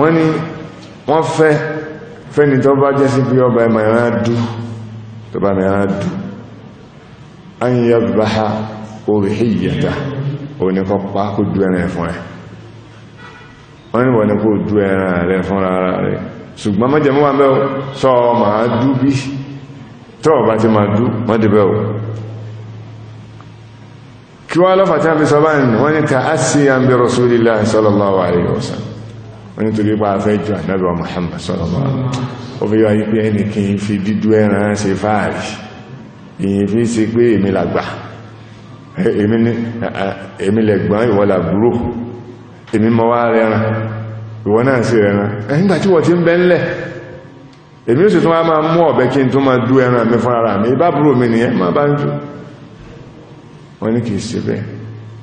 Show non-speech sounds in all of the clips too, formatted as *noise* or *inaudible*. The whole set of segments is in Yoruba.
wọ́n ní wọ́n fẹ́ fẹ́ni tó bá jẹ́ sí pé ọba ẹ̀mọ̀ ẹ̀rán dú tó bá mẹ́rán dú ayíyá bá ha orí ìyẹ̀dá oníkọ́ pa kó dú ẹran fún ẹ wọ́n ní wọ́n ní kó dú ẹran rẹ fún ara rẹ ṣùgbọ́n mọ́jẹ̀ mọ́ wọn bẹ́ẹ̀ sọ máa dú bí tọ́ ọba ti máa dú mọ́dẹ̀bẹ́ o kí wọ́n lọ́fà tí wọ́n fi sọ báyìí wọ́n ní ka á sí àmì Rasulillah sallallahu alaihi wasallam onítorí pa afẹ́ jù ànábẹ̀wà Muhammad sọ́lọ́wọ́ ó fi yọ ayípe ẹni kí n fi dídú ẹran ṣe fáàrí èyí fi ṣe pé èmi làgbà èmi lẹ̀gbọ́n ìwọ làbúrò èmi mọ́ wá rẹran ìwọ náà sí rẹran nígbà tí wọ́n ti ń bẹ́ ńlẹ̀ èmi ó sì tún wá máa mú ọ̀bẹ kí n tún máa dú ẹran mi fún ara mi ìbábúrò mi nìyẹn máa bá ń jù wọ́n ní kìí ṣe bẹ́ẹ̀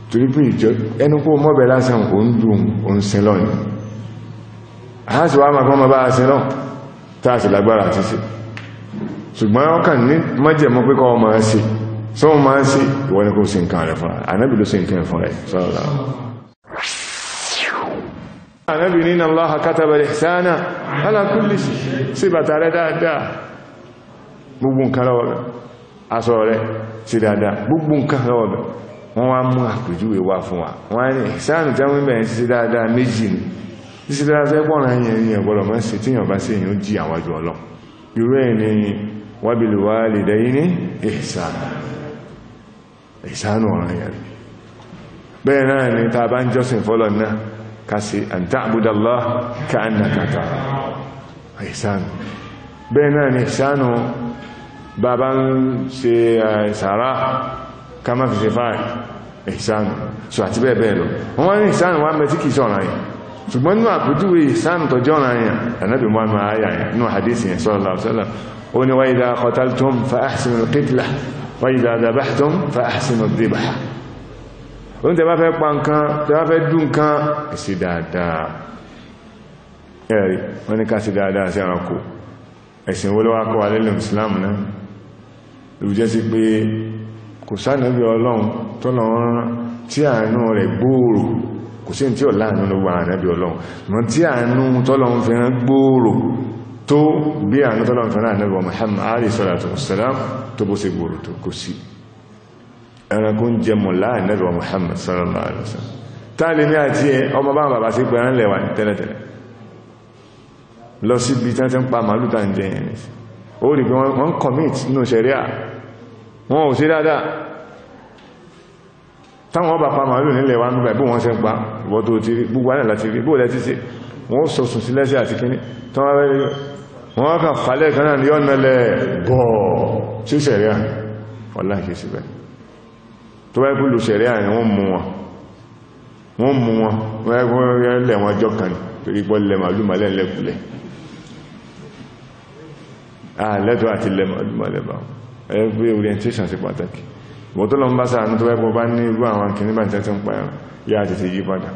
torí pé ìjọ ẹnu mọ́bẹ̀ lásán òun dùn òun sin a sì wá makọ́ ma bá a sí náà tá a sì lágbára àti sí ṣùgbọ́n ọkàn ní májẹ̀mọ́ pé kọ́ ma sí sọ́wọ́ ma sí ìwọ́n ni kò sí nǹkan rẹ̀ fún ànábì ló sí nǹkan fún rẹ̀ sọ́lọ́lá ànábì ní Allah kataba al-ihsana ala kulli sí bàtà rẹ̀ dáadáa gbogbo wọ́n wá mú àpèjúwe wá fún wa wọ́n á ní ìsáànù tẹ́wọ́n bẹ̀rẹ̀ sí dáadáa méjì ni títí dára tẹ́gbọ̀nra yẹn ni ọ̀gbọ̀dọ̀ máa ṣe tíyàn bá sí èyàn jí àwọn àjọ ọlọ́ irú ẹ̀ ni wabil walidayni ihsana ihsanu ọ̀ràn yẹn bẹ́ẹ̀ náà ni ta bá ń jọ́sìn fọ́lọ̀ náà ká sí an ta'budallah ka'annaka tara ihsanu bẹ́ẹ̀ náà ni ihsanu bàbá ń ṣe eh, sàárà so àti bẹ́ẹ̀ ṣùgbọ́n nínú àpójúwé ìsáàn tọjọ́ ọ̀ranyàn ànábì mọ́mọ́ ayà nínú hadisi yẹn sallallahu alaihi wasallam ó ní wa idha qataltum fa ahsinul qitla wa idha dabahtum fa ahsinud dibaha ó ní tẹ́bá fẹ́ pa nǹkan tẹ́bá fẹ́ dún nǹkan kò sí tí ọ̀lá àánú ló wà ànábì ọlọ́run mọ̀ tí àánú tọ́lọ́run fi rán gbòòrò tó bí àánú tọ́lọ́run fi rán ànábì Muhammad alayhi salatu wassalam tó bó ṣe gbòòrò tó kò sí ẹranko ń jẹ mọ̀ láà ànábì Muhammad sallallahu alayhi wasallam táàlì ní àti ẹ ọmọ bá bàbá sí pẹ̀rán lẹ̀wà tẹ́lẹ̀tẹ́lẹ̀ lọ sí ibi tí wọ́n pa màálù táwọn ọba pa màálù nílẹ̀ wa nígbà bí wọ́n ṣe ń pa ìwọ́n tó ti rí gbogbo alẹ́ láti rí bóòlẹ́ ti ṣe wọ́n sọ sùn sí lẹ́sẹ̀ àti kíní tán wọ́n kà falẹ̀ kanáà ní ọ̀nà lẹ bọ̀ sí sẹ̀ríà ọ̀lá kìí síbẹ̀ tó wáyé púlù sẹ̀ríà ni wọ́n mú wọn wọ́n mú wọn wọ́n orientation sí pàtàkì wọ́n tó lọ ń bá sáànù tó wẹ́pọ̀ bá ní irú àwọn kìnnìbà tí wọ́n pa yá tètè yí padà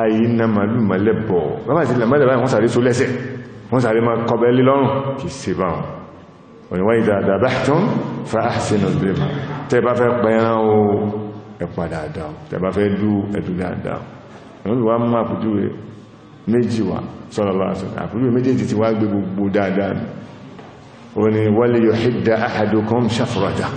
ayé na màlú mọ́lẹ́bọ̀ bábà ti lẹ̀mọ́lẹ̀ báyìí wọ́n sàrí só lẹ́sẹ̀ wọ́n sàrí ma kọbẹ̀ lé méjèèjì ti wá gbé gbogbo dáadáa ni ó ní wal yuhidda ahadukum shafratahu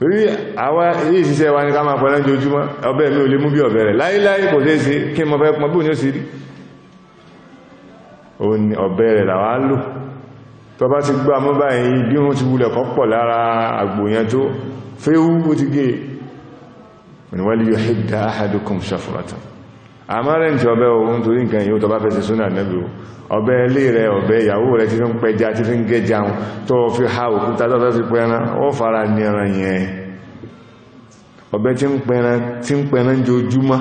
torí àwọn èyí ṣiṣẹ́ wa ní ká máa pẹ̀lẹ́ ojoojúmọ́ ọbẹ̀ mi ò lè mú bí ọ̀bẹ̀ rẹ̀ láíláí kò ṣe é ṣe kí mo fẹ́ pọn bóò ní ó sì rí ọ̀bẹ̀ rẹ̀ làwá lò tó bá ti gbá mọ́ báyìí bí wọ́n a rẹ̀ ń tí ọbẹ̀ ohun torí nǹkan yíò tó bá fẹ́ sí súnà nẹ́bí o ọbẹ̀ ilé rẹ̀ ọbẹ̀ ìyàwó rẹ̀ tí fi pẹja tí fi gẹja tó fi ha òkúta fara ní yẹn ọbẹ̀ tí ń jojúmọ́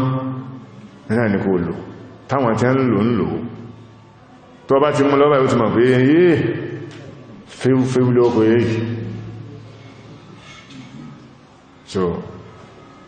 náà ní kò lò táwọn tí ń lò so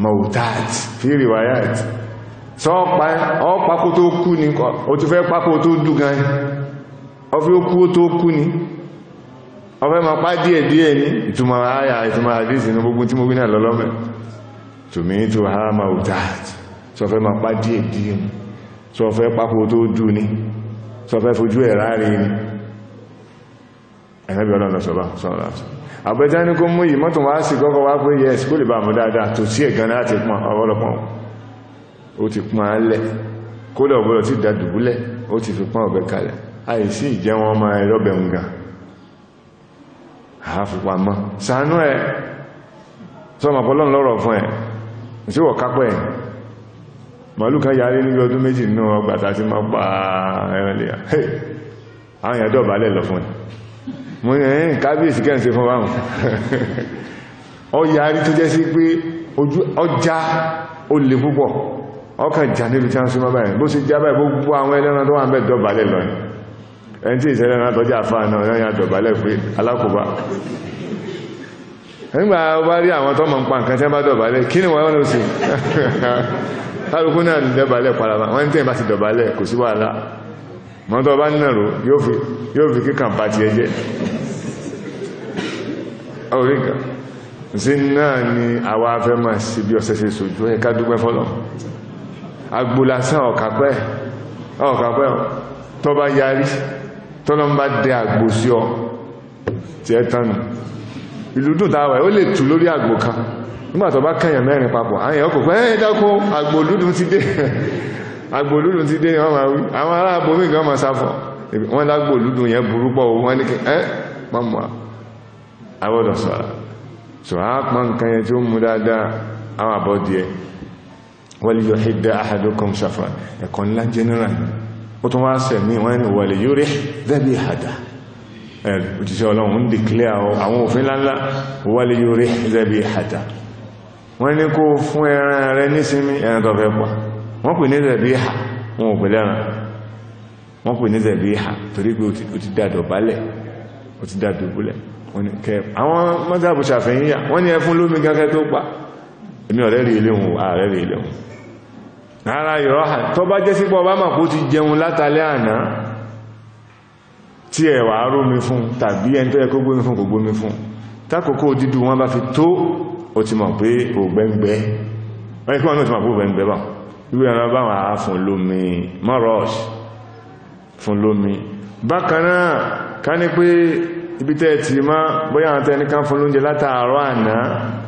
mautat fi riwayat sọ ọpakó tó kú ni o ti fẹ́ pakó tó dùn gan ọfí ó kú ó tó kú ni ọfẹ́ ma pá díẹ̀ díẹ̀ ní ìtumọ̀ àyà ìtumọ̀ àdísì ní gbogbo tí mo gbé náà lọ́lọ́mẹ̀ tùmí tó ha mautat sọ fẹ́ ma pá díẹ̀ díẹ̀ ní sọ fẹ́ pakó tó dùn ni sọ fẹ́ fojú ẹ̀ ráre ni ẹ̀rẹ́bí ọlọ́run àbẹ́já ní kó mú yìí mọ́tò wá sí kọ́kọ́ wá pé yes kó lè bá mú dáadáa tó sí ẹ̀gán láti pọn ọwọ́lọpọ̀n ó ti pọn alẹ́ kó lọ bọ́lọ̀ ti dàdùbúlẹ̀ ó ti fi pọn ọ̀bẹ kalẹ̀ àìsí ìjẹ́ wọn ọmọ ẹlọ́bẹ̀ ń ga àáfipamọ́ sànú ẹ sọmọpọlọ́n lọ́rọ̀ fún ẹ ìṣòwò kápẹ́ ẹ màálù àwọn ìyàdọ̀ balẹ̀ lọ fún ẹ mo ní ẹ̀yìn kábíyèsí kẹ́ǹsì fún báhùn *laughs* ọya rí tó jẹ́ sí pé ọjá ó lè púpọ̀ ọkàn jà níbi tí a ń súnmọ́ báyìí bó sì já báyìí gbogbo àwọn ẹlẹ́ran tó wà ń bẹ̀ dọ̀bálẹ̀ lọ ẹni tí ìṣẹ́lẹ̀ náà tọ́jà fáà náà yọ́n ya dọ̀bálẹ̀ pé alákòbá nígbà bá rí àwọn tọ́mọ̀ ń pa nǹkan tẹ́ bá dọ̀bálẹ̀ kí ni *laughs* mọ́tọ̀ bá nàró yóò fi kíkàn bá ti ẹjẹ́ oríkà sí náà ni àwa afẹ́ máa sí bí ọ̀sẹ̀ ṣe sojú ẹ ká dúpẹ́ fọ́lọ́ agbólasán ọ̀kápẹ́ ọ̀kápẹ́ tó bá yarí tọ́lọ́ bá dẹ àgbò sí ọ tí ẹ tánu ìlú dùn dáwà ó lè tù lórí àgbò kan nígbà bá kẹyàn mẹ́rin papọ̀ àyàn ọkọ̀ pẹ́ àgbò lúdùn ti dé *laughs* agbòlúdùn ti dé ní ọmọ àwí àwọn ará abomi gan ma sáfọ̀ wọ́n lágbòlúdùn yẹn burú pọ̀ wọ́n ní kí ẹ́ mọ́mọ́ àwọ́dọ̀ sọ́ra so a pọ̀ nǹkan yẹn tí ó mú dáadáa àwọn àbọ̀ díẹ̀ wal yuhidda ahadukum shafra ẹ̀kọ́ ńlá general ó tún wá sẹ̀mí wọ́n ní wal yurih dhabihata òjíṣẹ́ ọlọ́run ń dìklẹ́ àwọn òfin kó fún ẹran rẹ nísinmi ẹran tó pọ̀ wọ́n pè ní zẹ̀bíhà wọn ò pẹ̀lẹ́ ẹran wọ́n pè ní zẹ̀bíhà torí pé ó ti dàdọ̀ bálẹ̀ ó ti dàdọ̀ búlẹ̀ àwọn mọ́sàbù ṣàfihìyà wọ́n ní ẹfún lómi gẹ́gẹ́ tó pa èmi ọ̀rẹ́ rí ilé òun ààrẹ rí ilé òun ara ìrọ́hà tó bá jẹ́ sípọ̀ bá màkó ti jẹun látàlẹ́ àná tí ẹ̀wà rómi fún tàbí ẹni tó wípé ọ̀nà bá wọn àá fún lómi mọ́rọ̀ṣ fún lómi bákanáà ká ní pé ibi tẹ́ ti má bóyá àwọn tẹ́ nìkan fún lóúnjẹ látàárọ̀ àná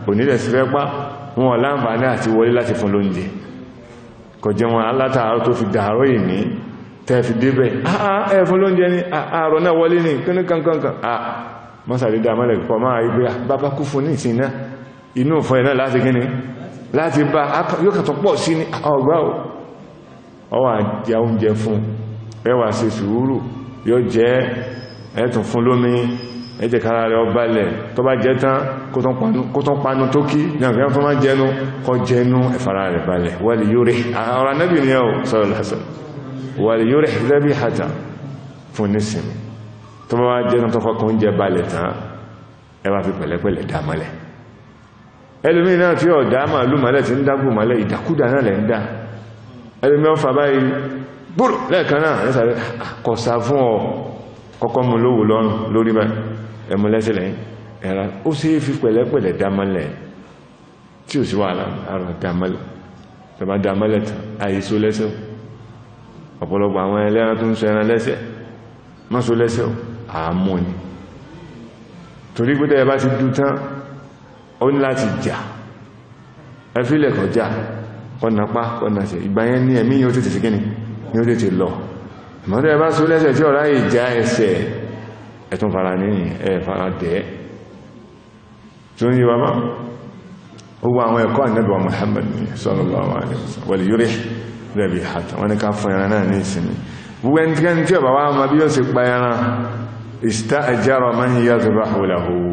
onílẹ̀ sí fẹ́pá wọn ò láǹfààní àti wọlé láti fún lóúnjẹ kò jẹ wọn látàárọ̀ tó fi dàárọ̀ ìní tẹ́ fi débẹ̀ ah, ah, ẹ fún lóúnjẹ ní àárọ̀ fún láti bá yóò kàtọ̀ pọ̀ sí ní ọgbà ọwà jẹ oúnjẹ fún ẹwà ṣe sùúrù yóò jẹ ẹ̀tùn fún lómi ẹjẹ̀ kára rẹ̀ ọbalẹ̀ tó bá jẹ tán kó tán panu tó kí jẹ́ fún máa jẹnu kọ jẹnu ẹ̀fàra rẹ̀ balẹ̀ wàlì ni ẹ̀ sọ̀rọ̀ lásán wàlì yóò rẹ̀ rẹ́bí hàtà fún nísìnyí tó bá jẹnu tó fọkàn oúnjẹ balẹ̀ tán ẹwà fi pẹ̀lẹ́pẹ̀lẹ́ dámọ́lẹ̀ ẹlòmí náà tí ọ̀dá màálù màálẹ̀ tí ń dágbò màálẹ̀ ìdàkúdà náà lẹ̀ ń dá ẹlòmí ọfà báyìí gbòrò lẹ́ẹ̀kan náà ẹsàrẹ́ ah, kọ̀sà fún ọ kọ́kọ́ mú lówó lọ́rùn lórí báyìí ẹmú lẹ́sẹ̀ lẹ́yìn ẹ̀rá ó sì fi pẹ̀lẹ́pẹ̀lẹ́ dámọ́lẹ̀ tí ó ní láti jà ẹfílẹ̀ kọjá ọ̀nà pa ọ̀nà ṣe ìgbà yẹn ní ẹ̀mí yóò tètè síkíní ni ó tètè lọ ìmọ̀tẹ́ ẹ bá sọ lẹ́sẹ̀ tí ọ̀rá ìjà ẹsẹ̀ ẹ̀tún fara ní ẹ̀ fara dẹ̀ tó ní wà máa ó wà àwọn ẹ̀kọ́ ànẹ́bà Muhammad sallallahu alaihi wasallam wal yurih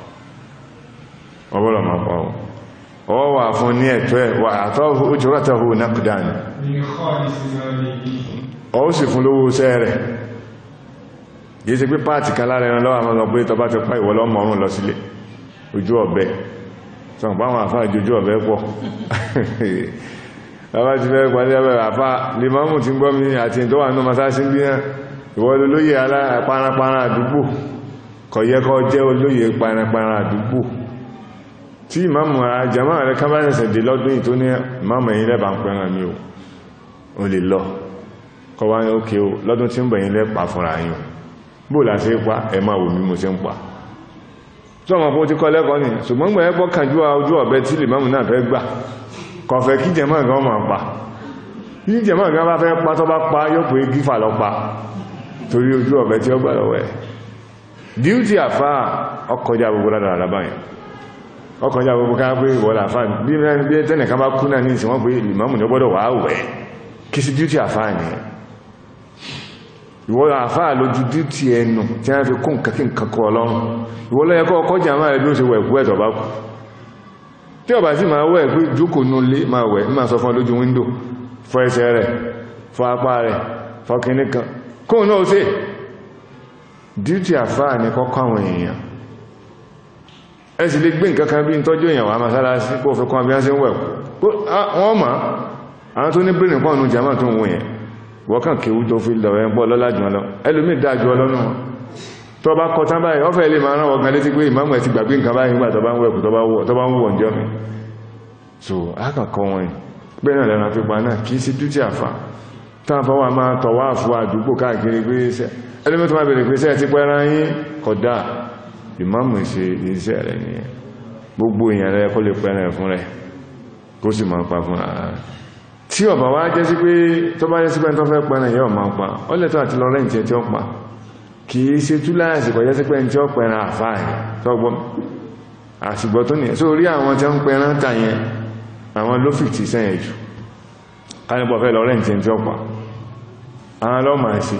ọgbọ́lọ̀ máa pa ọ̀ ọwọ́ wà fún ní ẹ̀tọ́ ẹ̀ wà àtọ́hù ojúrọ́tọ̀hù nákùdán ọ sì fún lówó iṣẹ́ rẹ̀ yìí ti pé páàtì kan lára ẹran lọ́wọ́ àwọn ọmọ pé tọba ti pa ìwọ lọ́mọ ọrùn lọ sílé ojú ọ̀bẹ sọ̀rọ̀ bá wọn àfáà jojú ọ̀bẹ pọ̀ *laughs* bàbá ti fẹ́ parí ọbẹ̀ àfá limamu ti gbọ́ mi àti ìtọ́wà náà masáṣí bí alára paranparan àdúgbò kọ̀yẹ́kọ́ jẹ́ olóyè paranparan àdúgbò tí ìmáàmù àjàmà rẹ̀ kábáyẹsẹ̀ dé lọ́dún ìtó ní ìmáàmù ẹ̀yìn lẹ́bà ń pẹ̀ràn mi ò o lè lọ kọwa ní ókè o lọ́dún tí ń bẹ̀yìn lẹ́pàá fúnra yìí bó láti pa ẹ̀mà wò mímú sí ń pa tó ọmọ fún ti kọ́ lẹ́kọ́ ni ṣùgbọ́n gbẹ̀ ẹ́pọ́ kàjú ojú ọ̀bẹ tí lè máàmù náà fẹ́ gbà kọfẹ́ kí jẹ̀mọ́ nǹkan ọmọ ọkàn já gbogbo káà pé wọ́lá àfáàní bí i tẹ́nì kan bá kú náà ní ìsìnwọ́n pé ìmáàmù ní ọgbọ́dọ̀ wà wẹ̀ kí sí díútì àfáàní ìwọ́lá àfáà lójú díútì ẹnu tí a fi kún kàkí nǹkan kọ ọlọ́run ìwọ́lá ẹ̀kọ́ ọkọ́jà máa rẹ̀ bí ó ṣe wẹ̀ kú ẹ̀tọ̀ bá kú tí ọba sì máa wẹ̀ pé jókòó nú ilé máa wẹ̀ máa sọ fún lójú wíńdò fọ ẹsẹ̀ rẹ̀ fọ apá rẹ̀ fọ kìnnìkan kóun náà ó ṣe díútì àfáà ní kọ́kọ́ àwọn èèyàn ẹ sì lè gbé nǹkan kan bí tọ́jú èèyàn wà mọ́sálásí kó fi kún abíyá sí wẹ̀kú wọ́n mọ̀ àwọn tó ní bírìn pọ̀ nù jama tó ń wò yẹn wọ́kàn kéwú tó fi lọ ẹgbọ́ lọ́lá jù lọ ẹlòmí dájú ọlọ́nà so akàkọ wọn bẹ́ẹ̀ náà lẹ́nu àfipá náà kì í sí dútì àfà táwọn fọwọ́ máa tọ̀wọ́ àfọ àdúgbò káàkiri pé ẹlòmí ìmáàmù ṣe iṣẹ́ rẹ̀ nìyẹn gbogbo èèyàn rẹ̀ kó lè pẹ́rẹ̀ fún rẹ̀ kó sì máa pa fún ara rẹ̀ tí ọ̀bà wá jẹ́ sí pé tó bá jẹ́ sí pé tó fẹ́ pẹ́rẹ̀ yóò máa pa ó lẹ́tọ́ àti lọ rẹ́ǹtì tí ó pa kì í ṣe túláàsì kọjá sí pé tí ó pẹ́rẹ̀ àfáà tọ́gbọ́ àṣìgbọ́ àwọn tí ó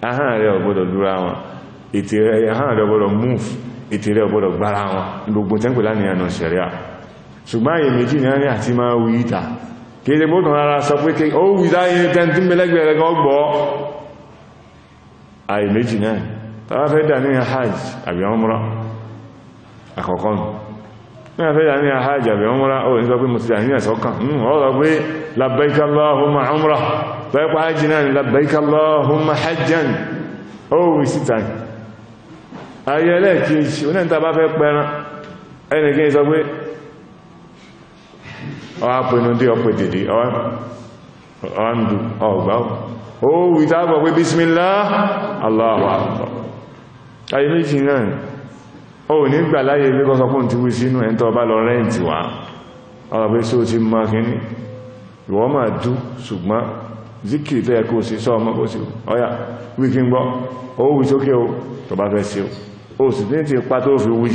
ahán rẹ̀ ọ̀gbọ́dọ̀ lura wọn ètè rẹ̀ ahán rẹ̀ ọ̀gbọ́dọ̀ move ètè gbogbo tẹ́ǹkù lánìyàn náà ṣẹ̀ríà ṣùgbọ́n èyí méjì náà ní àti máa wí ìta kéde bókan rárá sọ pé ó wí láyé tẹ́ntí mẹ́lẹ́gbẹ̀ẹ́ hajj hajj ní hmm, ó lọ́yẹ́pọ̀ hajji náà ni labbaika Allahumma hajjan owó síta ayé ẹlẹ́ẹ̀kejì oníta bá fẹ́ pẹran ẹnìkí sọ pé ọwá pẹ̀lú dé ọpẹ̀ dèdè ọwá ń dù ọgbà ó wìta bọ̀ pé bismillah Allahu akbar ayé méjì náà ó ní gbà láyé ilé kọ́sọ́kún ti wí sínú ẹ̀ntọ́ bá lọ ìwọ́n máa dú ṣùgbọ́n zikiri tó yẹ kó sí sọ ọmọ bó sí ọya wíkí ń gbọ́ ó wí sókè o tó bá fẹ́ sí o ó sì ní ti pa tó fi wí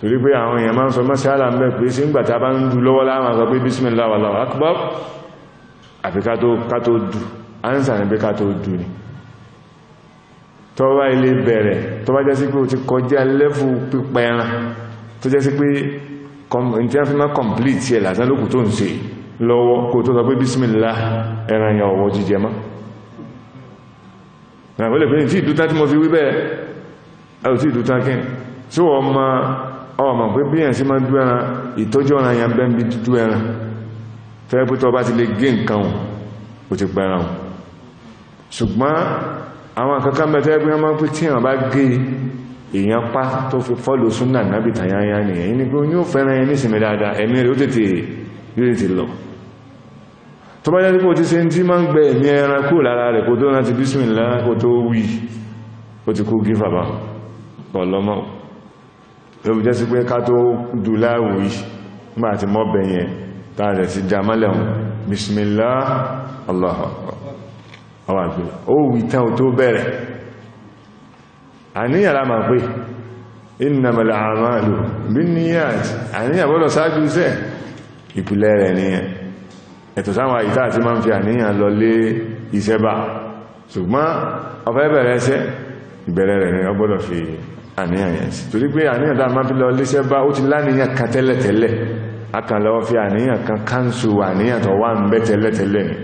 torí pé àwọn èèyàn máa ń sọ mọ́sí àlà mẹ́ pé sí ńgbàtà bá ń du lọ́wọ́ láwọn sọ pé bísmìlá wallahu ti complete ẹ̀ lásán lókù tó ń ṣe lọ́wọ́ kò tó sọ pé bismillah ẹran yẹn ọ̀wọ́ jíjẹ mọ́ àwọn olè pé ní tí ìdútá tí mo fi wí bẹ́ẹ̀ ẹ̀rù tí ìdútá kí tí wọ́n ma ọmọ pé bí ẹ̀sí máa dú ẹran ìtọ́jú ọ̀ràn yẹn bẹ́ ń bí dúdú ẹran fẹ́rẹ́ pé tọba ti lè gé nǹkan hùn ó ti pẹ̀ràn hùn ṣùgbọ́n àwọn kankan mẹ́tẹ́ pé wọ́n máa pé tí wọ́n bá pa tó fi fọ́lù súnà nábìtà yányá nìyẹn ní pé ó ní ò fẹ́ràn ẹni sinmi dáadáa ẹ̀mí rẹ̀ ó tètè yóò tó bá yẹ́ kó ti ṣe tí ma ń gbẹ ẹ̀mí ẹran kú lára rẹ̀ kó tó náà ti bísmìlá kó tó wí ó ti kú gífà bá ọlọ́mọ́ ló bí jẹ́ sí pé ká tó dùláwì nígbà àti mọ́bẹ̀ yẹn táà rẹ̀ sí jamalẹ̀ bísmìlá sáájú sẹ́ ìpìlẹ̀ rẹ̀ nìyẹn ẹ̀tọ̀ sáwọn àyíká àti máa ń fi àníyàn lọ lé ìṣẹ́bà ṣùgbọ́n ọ̀fẹ́ bẹ̀rẹ̀ ẹsẹ́ ìbẹ̀rẹ̀ rẹ̀ ni ọ gbọ́dọ̀ fi àníyàn yẹn sí torí pé àníyàn tá máa fi lọ lé ìṣẹ́bà ó ti láníyàn kan tẹ́lẹ̀tẹ́lẹ̀ akànlọ́ fi àníyàn kan káńsù àníyàn tó wà ń bẹ tẹ́lẹ̀tẹ́lẹ̀ ni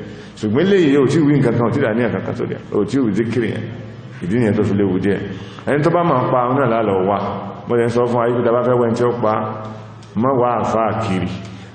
ṣùgbọ́n léyìí ò tí wí nǹkan kan ò tí dàníyàn kankan tó dẹ̀ ò tí ò díkìrì yẹn ìdí nìyẹn tó fi léwu díẹ̀ ẹni tó bá máa pa ọ̀nà lálọ́ wà mo lè sọ fún ayé pé tá a bá fẹ́ wẹ́n tí ó pa mọ́ wàá fà kiri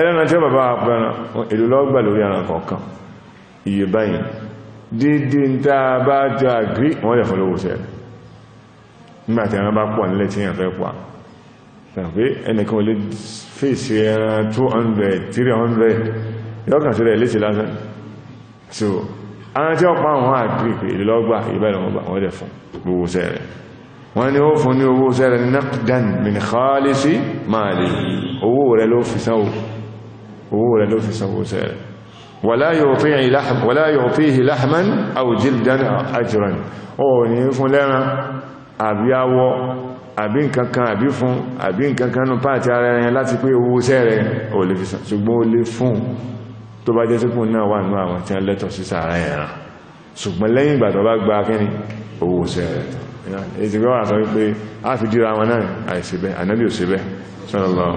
ẹlẹ́nà tí ó bàbá àpẹẹrẹ èdè lọ́gbà lórí ara kọ̀ọ̀kan iye báyìí dídí ń tá a bá jọ àgírí wọ́n lè fọ́lọ́wọ́ sẹ́ nígbàtí ẹran bá pọ̀ nílẹ̀ tí èèyàn fẹ́ pọ̀ tàbí ẹnìkan olè fèsì ẹran 200 300 yọ́kàn sílẹ̀ léṣe lásán so ara tí ó pa àwọn àgírí pé èdè lọ́gbà ìbẹ̀rẹ̀ wọ́n lè fún gbogbo sẹ́rẹ̀ wọ́n ní ó fún ní owó sẹ́rẹ̀ ní naqdan min khalisi rẹ̀ ló fi sáwọ́ owó rẹ̀ ló fi sanwó sẹ́ rẹ̀ wala yu'tihi lahman aw jildan ajran o ní fún lẹ́ran àbí awọ àbí nkankan àbí fún àbí nkankan nù pàtí ara ẹ̀yẹn láti pé owó sẹ́ rẹ̀ o lè fi ṣùgbọ́n o lè fún tó bá jẹ́ sípò tí a lẹ́tọ̀ sí wípé a fi dìra wọn náà àìsíbẹ̀ ànábì òsíbẹ̀ sallallahu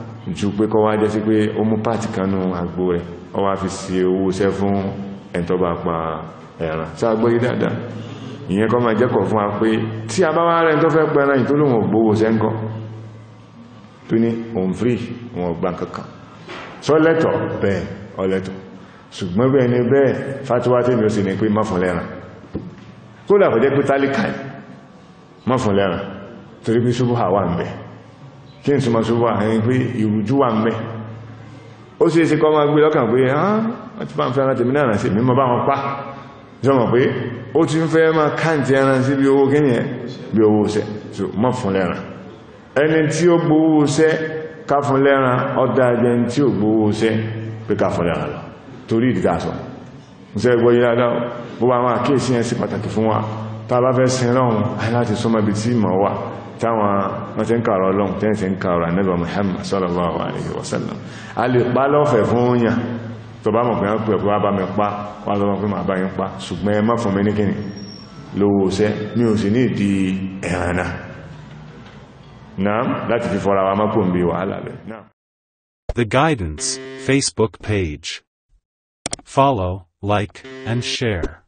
ju pé kọ́ wá jẹ́ sí pé ó mú pàtì kanú àgbò rẹ̀ o wá fi sí owó iṣẹ́ fún ẹ̀ntọ́bà pa ẹ̀ràn tí a gbóyí dáadáa ìyẹn kọ́ máa jẹ́kọ̀ fún wa pé tí a bá wá rẹ̀ tó fẹ́ pẹran ìtó lòun ò gbówó sẹ́ńkọ́ tó ní òun frí wọn ò gbà kankan sọ lẹ́tọ̀ bẹ́ẹ̀ ọlẹ́tọ̀ ṣùgbọ́n bẹ́ẹ̀ ni bẹ́ẹ̀ fatuwa tèmi ó sì ní pé má fún lẹ́ràn kódà kò jẹ́ pé tálíkà má fún lẹ́ràn torí pé ṣubú àwa ń bẹ́ẹ̀ kí n túnmọ̀ ṣubú àárín pé ìrújú wà mẹ́ ó sì ṣe kọ́ máa gbé lọ́kàn pé á ti bá ń fẹ́ rántí mi náà sí mi mọ́ bá wọn pa jọmọ̀ pé ó ti ń fẹ́ máa káǹtì ẹran sí bí owó kíni ẹ bí owó ṣẹ so mọ́ fún lẹ́ran ẹni tí ó gbowó ṣẹ ká fún lẹ́ran ọ̀dà ẹgbẹ́ tí ó gbowó ṣẹ pé ká fún lẹ́ran lọ torí ìdíkà sọ ṣe gbọ́ yìí dáadáa bó bá wọn àkíyèsí yẹn sí pàtàkì a bá fẹ́ sin lọ́run láti súnmọ́ ibi tí mọ̀ wà táwọn wọ́n ń kààrọ̀ ọlọ́run tẹ́ ti ń kààrọ̀ ànábì Muhammad sallallahu alaihi wasallam a lè pa lọ́fẹ̀ fún yàn tó bá mọ̀ pé wọ́n pẹ̀ bá mi pa wọ́n lọ́wọ́ pé màá bá yín pa ṣùgbọ́n ẹ má fún mi ní lówó ṣẹ́ mi ò sì ní ìdí ẹ̀hànà The Guidance Facebook page. Follow, like, and share.